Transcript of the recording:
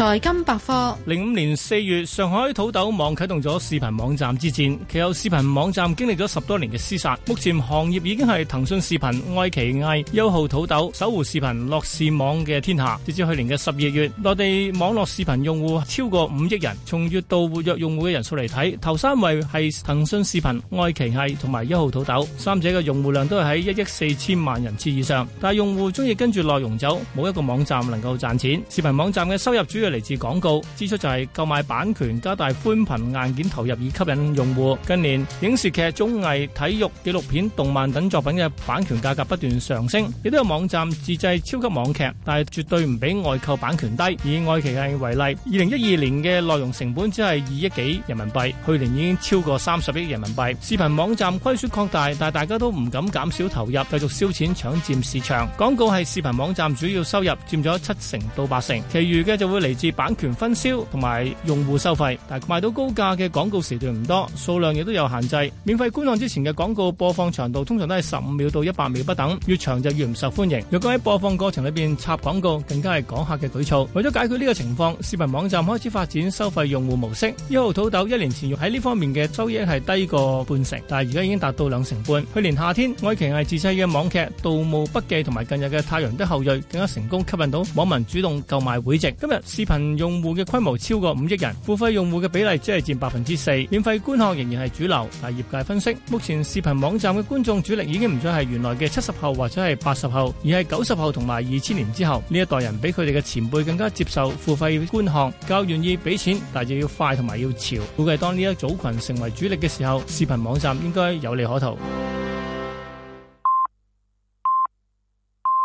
財金百科，零五年四月，上海土豆網啟動咗視頻網站之戰。其後視頻網站經歷咗十多年嘅廝殺，目前行業已經係騰訊視頻、愛奇藝、優酷土豆、搜狐視頻、樂視網嘅天下。截至去年嘅十二月，內地網絡視頻用戶超過五億人。從月度活躍用戶嘅人數嚟睇，頭三位係騰訊視頻、愛奇藝同埋優酷土豆，三者嘅用戶量都係喺一億四千萬人次以上。但係用戶中意跟住內容走，冇一個網站能夠賺錢。視頻網站嘅收入主要嚟自廣告支出就係購買版權，加大寬頻硬件投入，以吸引用戶。近年影視劇、綜藝、體育、紀錄片、動漫等作品嘅版權價格不斷上升，亦都有網站自製超級網劇，但係絕對唔比外購版權低。以愛奇藝為例，二零一二年嘅內容成本只係二億幾人民幣，去年已經超過三十億人民幣。視頻網站虧損擴大，但係大家都唔敢減少投入，繼續燒錢搶佔市場。廣告係視頻網站主要收入，佔咗七成到八成，其餘嘅就會嚟。嚟自版權分銷同埋用戶收費，但係賣到高價嘅廣告時段唔多，數量亦都有限制。免費觀看之前嘅廣告播放長度通常都係十五秒到一百秒不等，越長就越唔受歡迎。若果喺播放過程裏邊插廣告，更加係講客嘅舉措。為咗解決呢個情況，視頻網站開始發展收費用戶模式。一號土豆一年前用喺呢方面嘅收益係低過半成，但係而家已經達到兩成半。去年夏天，愛奇藝自製嘅網劇《盜墓筆記》同埋近日嘅《太陽的後裔》，更加成功吸引到網民主動購買會籍。今日。視頻用戶嘅規模超過五億人，付費用戶嘅比例只係佔百分之四，免費觀看仍然係主流。但業界分析，目前視頻網站嘅觀眾主力已經唔再係原來嘅七十後或者係八十後，而係九十後同埋二千年之後呢一代人，比佢哋嘅前輩更加接受付費觀看，較願意俾錢，但係要快同埋要潮。估計當呢一組群成為主力嘅時候，視頻網站應該有利可圖。